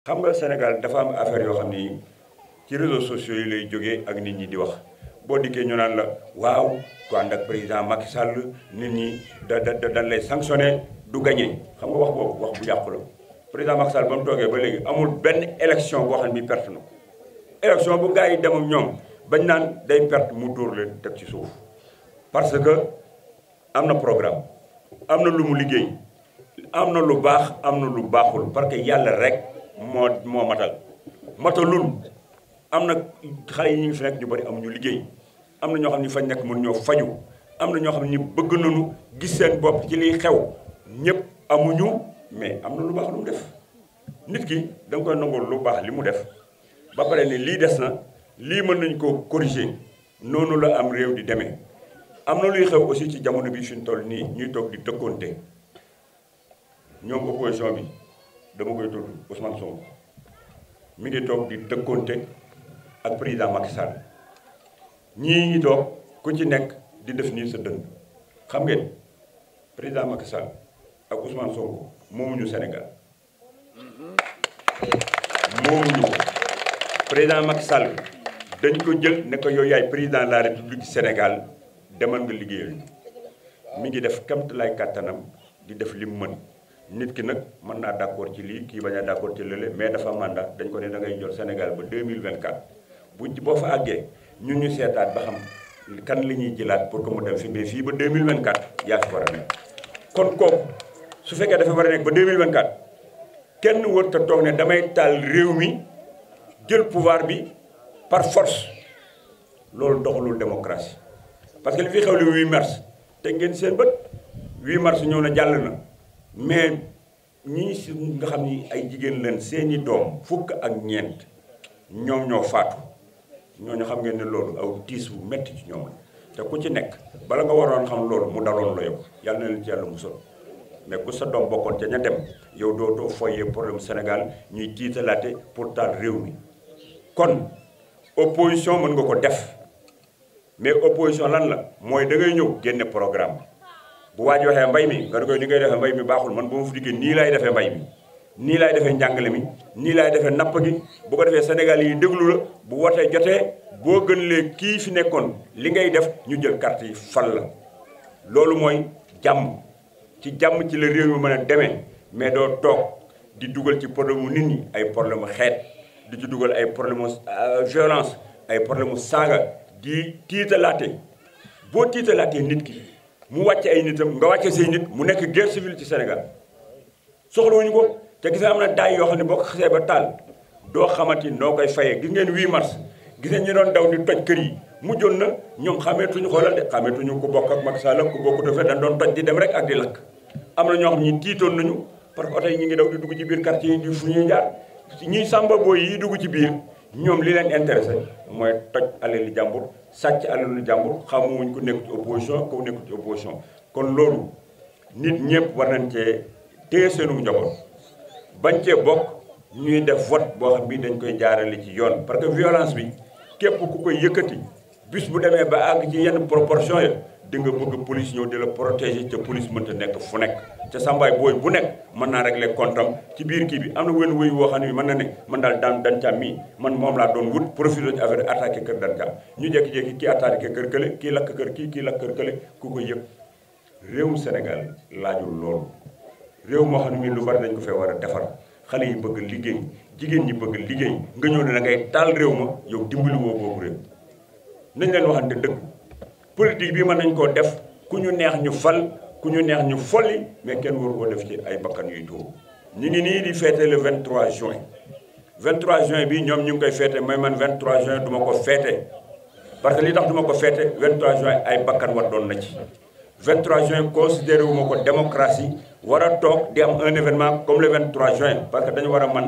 xam nga Sénégal dafa am affaire yoo xam ni ci réseaux sociaux yi lay jóge ak nit ñi di wax boo dikkee ñoo naan la waaw ku ànd ak président Macky Sall nit ñi da da dan lay sanctionné du gagné xam nga wax boobu wax bu yàqu la président Macky Sall ba mu toogee ba léegi amul benn élection boo xam ni perte na ko bu gars yi demam ñoom bañ naan day perte mu dóor leen teg ci suuf parce que am na programme am na lu mu liggéey am na lu baax am na lu baaxul parce que yàlla rek. moo moo matal matalul am na xale yi ñu fi nekk ñu bari amuñu liggéey am na ñoo xam ne fañ nekk mën ñoo faju am na ñoo xam ne bëgg nañu gis seen bopp ci liy xew ñëpp amuñu mais am na lu baax lu mu def nit ki da nga koy nangul lu baax li mu def ba pare ne lii des na lii mën nañ ko corriger noonu la am réew di demee am na luy xew aussi ci jamono bi suñ toll nii ñuy toog di dëkkoonte ñoom opposition bi dama koy tudd Ousmane Sonko mi ngi toog di dëkkoonte ak président Macky Sall ñii ngi toog ku ci nekk di def nii sa dënn xam ngeen président Macky Sall ak Ousmane Sonko moomuñu Sénégal moomuñu ko président Macky Sall dañ ko jël ne ko yow yaay président de la république Sénégal demal nga liggéeyal mi ngi def kamt lay kàttanam di def li mën nit ki nag mën naa d' accord ci lii kii bañ a d' accord ci lële mais dafa mandat dañ ko ne da ngay jot Sénégal ba 2024 buñ boo fa àggee ñun ñu seetaat ba xam kan li ñuy jëlaat pour que mu dem fi mais fii ba 2024 yaa fi war a nekk kon kooku su fekkee dafa war a nekk ba 2024 kenn wër te toog ne damay taal réew mi jël pouvoir bi par force loolu doxalul démocratie parce que li fi xew li 8 mars te ngeen seen bët 8 mars ñëw na jàll na mais ñi si nga xam ni ay jigéen leen seeni doom fukk ak ñeent ñoom ñoo faatu ñooñu xam ngeen ne loolu aw tiis bu metti ci ñoom te ku ci nekk bala nga waroon xam loolu mu daloon la yow yàlla na leen ci yàlla musal mais ku sa doom bokkoon ca ña dem yow dootoo foyee problème Sénégal ñuy tiitalaate pour taal réew mi kon opposition mën nga ko def mais opposition lan la mooy da ngay ñëw génne programme bu waaj waxee mbay mi nga ne koy ngay defee mbay mi baaxul man bu ma fu dikkee nii laay defee mbay mi nii laay defee njàngale mi nii laay defee napp gi bu ko defee Sénégal yi déglu la bu wootee jotee boo gën kii fi nekkoon li ngay def ñu jël carte yi fal la loolu mooy jàmm ci jàmm ci la réew mi mën a demee mais doo toog di dugal ci problème mu nit ñi ay problème mu xeet di ci dugal ay problème mu euh, violence ay problème mu saaga di tiitalaate boo tiitalaatee nit ki mu wàcce ay nitam nga wàcce say nit mu nekk guerre civile ci Sénégal soxlawuñu ko te gis nga am na daay yoo xam ne boo ko xasee ba taal doo xamante ni noo koy fayee gis ngeen wii mars gis ngeen ñu doon daw di toj kër yi mujjoon na ñoom xameetuñu xoolal de xameetuñu ku bokk ak Macky Sall ku bokk dafa dañ doon toj di dem rek ak di lakk am na ñoo xam ñi tiitoon nañu parce que oto yi ñu ngi daw di dugg ci biir quartier yi di fu ñuy jaar ñuy sàmba booy yi dug ci biir ñoom li leen intéressé mooy toj alalu jàmbur sàcc alalu jàmbur xamuwuñ ku nekk ci opposition ku nekk ci opposition. kon loolu nit ñëpp war nañ cee téye seenu bañ cee bokk ñuy def vote boo xam bi dañ koy jaarale ci yoon parce que violence bi képp ku koy yëkkati bis bu demee ba àgg ci yenn proportion ya di nga bëgg police ñëw di la protéger te police mënta nekk fu nekk te sambaay booy bu nekk mën naa régler comptam ci biir kii bi am na wenn wuyu woo xam ne bi mën na ne man daal daan dancaam mii man moom laa doon wut profité ci affaire attaqué kër dancaam ñu jékki-jékki kii attaqué kër kële kii lakk kër kii kii lakk kër kële ku ko yëg réewum senegal laajul loolu réew moo xam ne mii lu bari dañ ko fee war a defar xale yi bëgg liggéey jigéen ñi bëgg liggéey nga ñëw ne da ngay taal réew ma yow dimbali woo boobu réew nañ leen waxante dëgg politique bi mën nañ koo def ku ñu neex ñu fal ku ñu neex ñu folli mais kenn waru koo def ci ay bakkan yuy tuuru ñu ngi nii di feete le 23 juin 23 juin bi ñoom ñu ngi koy feete may man 23 juin duma ko feete parce que li tax duma ma ko feete 23 juin ay bakkan war doon na ci 23 juin considéré wu ma ko démocratie war a toog di am un événement comme le 23 juin parce que dañu war a man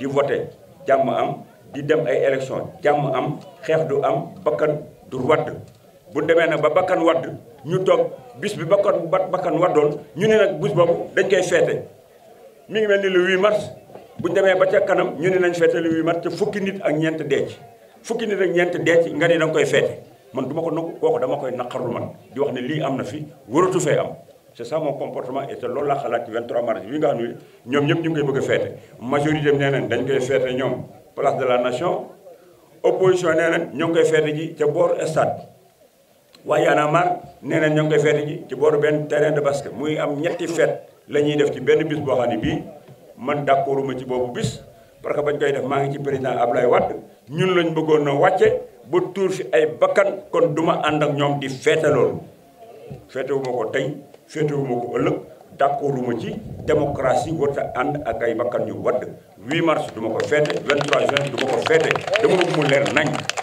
di voter jàmm am di dem ay élection jàmm am xeex du am bakkan du wadd bu demee nag ba bakkan wadd ñu toog bis bi bakkan ba bakkan waddoon ñu ne nag bis boobu dañ koy feete mi ngi mel ni le 8 mars bu demee ba ca kanam ñu ne nañ feete le 8 mars te fukki nit ak ñeent deec fukki nit ak ñeent deec nga ne da nga koy feete man du ma ko nangu kooku dama koy naqarul man di wax ne lii am na fi waratu fee am c'est ça mon comportement et te loolu xalaat ci 23 mars wi nga xam ne ñoom ñëpp ñu ngi koy bëgg a feete majorité bi nee dañ koy feete ñoom place de la nation opposition nee nañ ñoo ngi koy feete ji ca boor stade waa Y en a nee na ñoo ngi koy feete ji ci booru benn terrain de basket muy am ñetti feet la ñuy def ci benn bis boo xam ne bii man d'accord ma ci boobu bis parce que bañ koy def maa ngi ci président lay Wade ñun lañ bëggoon na wàcce ba tuur fi ay bakkan kon du ma ànd ak ñoom di feete loolu feetewu ko tey feetewu ma ko ëllëg d'accordu ma ci démocratie warta ànd ak ay bakkan yu wadd 8 mars du ma ko feete 23 juin du ma ko feete dama mu leer nañ